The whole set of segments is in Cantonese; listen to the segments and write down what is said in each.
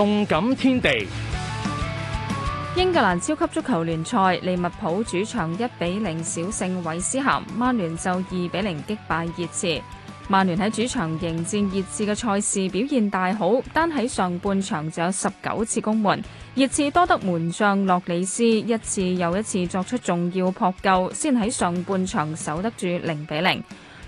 動感天地，英格蘭超級足球聯賽，利物浦主場一比零小勝韋斯咸，曼聯就二比零擊敗熱刺。曼聯喺主場迎戰熱刺嘅賽事表現大好，單喺上半場就有十九次攻門，熱刺多得門將洛里斯一次又一次作出重要撲救，先喺上半場守得住零比零。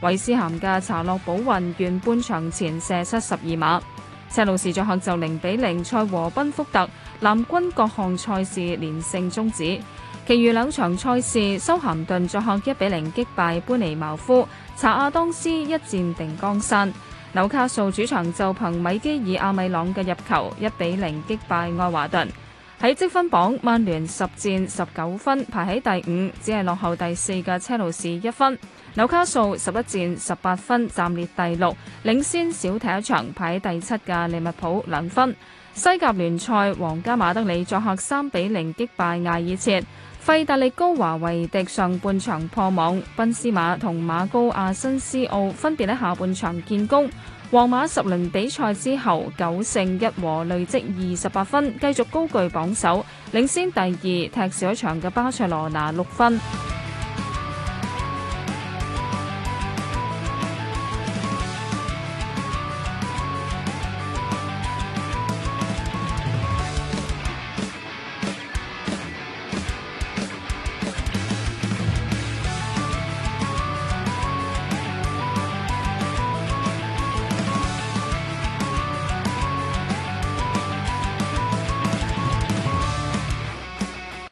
韋斯咸嘅查洛保雲完半場前射失十二碼，車路士作客就零比零賽和賓福特，藍軍各項賽事連勝終止。其餘兩場賽事，修咸頓作客一比零擊敗般尼茅夫，查亞當斯一戰定江山，紐卡素主場就憑米基爾阿米朗嘅入球一比零擊敗愛華頓。喺積分榜，曼聯十戰十九分，排喺第五，只係落後第四嘅車路士一分。紐卡素十一戰十八分，暫列第六，領先少踢一場排喺第七嘅利物浦兩分。西甲聯賽，皇家馬德里作客三比零擊敗艾爾切。費達利高華維迪上半場破網，賓斯馬同馬高亞新斯奧分別喺下半場建功。皇馬十輪比賽之後九勝一和，累積二十八分，繼續高踞榜首，領先第二踢少一場嘅巴塞羅那六分。